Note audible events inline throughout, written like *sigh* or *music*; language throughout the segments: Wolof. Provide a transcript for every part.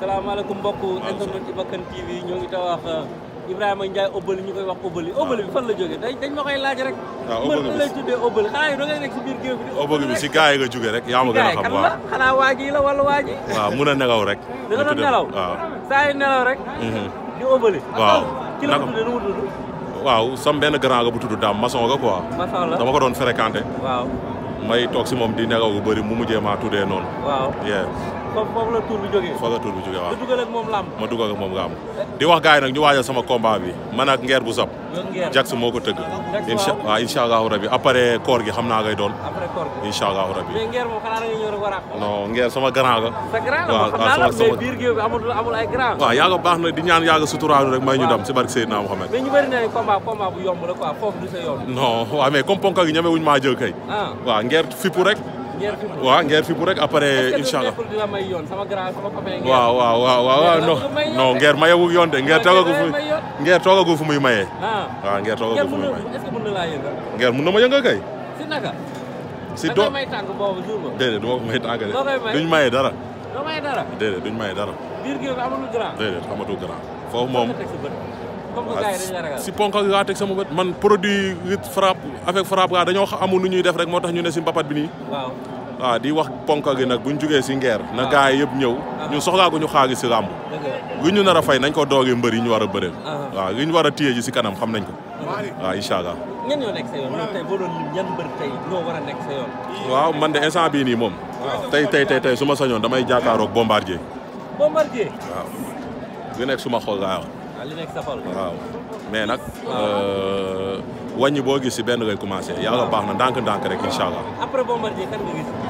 salaamaaleykum mbokk internet TV ñoo ngi ta wax uh, Ibrahima Ndiaye Obali ñu koy wax Obali Obali bi fan la jógee dañ ma koy rek lay tuddee si biir géew bi Obali bi si gars yi nga rek yaa ma gën waa mun a nelaw rek *laughs* da nga doon nelaw saa yu nelaw rek mhm. di Obali waaw ki la tuddee nu mu bu tudd daam maçon nga quoi maçon la dama ko doon fréquenté waaw may toog moom di nelaw bu bëri mu mujjee maa tuddee noonu waaw foofu la tur bi jógee. foofu la tur moom làmb. ma dugal moom làmb di wax gars yi nag ñu waajal sama combat bi man ak ngeer bu sab Jackson moo ko tëgg. incha waaw incha allahu rabi après koor gi xam naa ngay doon. après koor rabi. mais ngeer rek war a. non ngeer sama grand ga. sa grand la baax na di ñaan yàlla suturaalu rek may ñu dam si barke Seydina Mohamed. mais ñu bëri na comme ponkal gi ñeme wuñu maa jël ah. ngeer fippu rek waa ngeer fi bu rek après incha allah waaw waaw waaw waaw non non ngeer mayewu yoon de ngeer toogagu fu ah. fu muy maye. waaw ngeer toogagu mun na ma kay. si naka. si do déedéet du ma ko may tàng de duñ maye dara. déedéet duñ maye dara. déedéet amatul grand. si ponkal laa teg sama man produit it frappe avec frappe ga dañoo amul nu ñuy def rek moo tax ñu ne si mbapat bi nii waaw di wax ponkal gi nag buñ jógee si ngeer na ah. gars yi yëpp ñëw ah. ñun soxlaa gu ñu xaagi si làmb li ñu nar a fay nañ ko doogee mbër yi ñu war a ah. waaw li ñu war a téye kanam xam nañ ko waaw incha allah ñan ñoo nekk sa yoon tey boo doon ñan mbër tey ñoo war a sa yoon waaw man de instant bii nii moom tey tey tey tey sañoon damay bombardier bombardier waaw li nekk suma xol laa wax waaw mais nag euh, wàññi boo gis si benn ngay commencé yàlla baax na ndànk-ndànk rek incha allah. après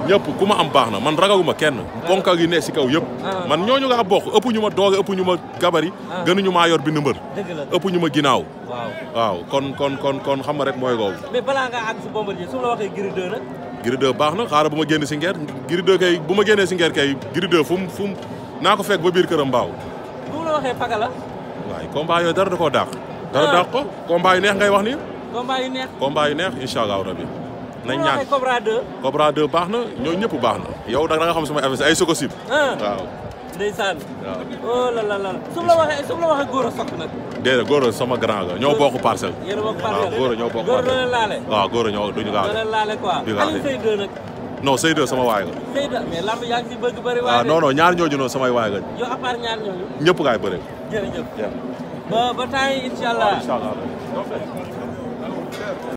ñëpp ku ma am baax na man ragaluma kenn. ponkal yi ne si kaw yëpp. Ah. man ñooñu nga bokk ëpp ñu ma doole ëpp ñu ma gabari. Ah. gënuñu maa yor bi mbër. ëpp ñu ma ginnaaw. waaw kon kon kon kon xam nga rek mooy loolu. mais balaa nga àgg si bombardier su la waxee Gris 2 nag. Gris baax na xaaral bu ma génn si ngeer Gris 2 bu ma génnee si ngeer kay Gris fu mu fu naa ko fek ba biir këram mbaaw. waaye combat yooyu dara da koo dàq. dara ah. dàq ko combat yu neex ngay wax ni combat yu neex combat yu allah rabi. nañ ñaan Cobra 2. baax na ñoo ñëpp baax na. yow da nga xam sama affaire ay soko sib. Ah. waaw. ndeysaan. waaw oh la la la la waxee góor a sokk nag. déedéet góor a sama grand ga ñoo bokk parcelle. yéen a bokk waaw góor a ñoo bokk parcelle. waaw góor ñoo duñu laale. góor a laale quoi Alioune Seye 2 no Seydou sama waay nga. Seydou mais ah, ñaar ñooñu noonu samay waay nga. yow à part ñaar ñooñu. ñëpp kaay bëri. jërëjëf ba ba temps yii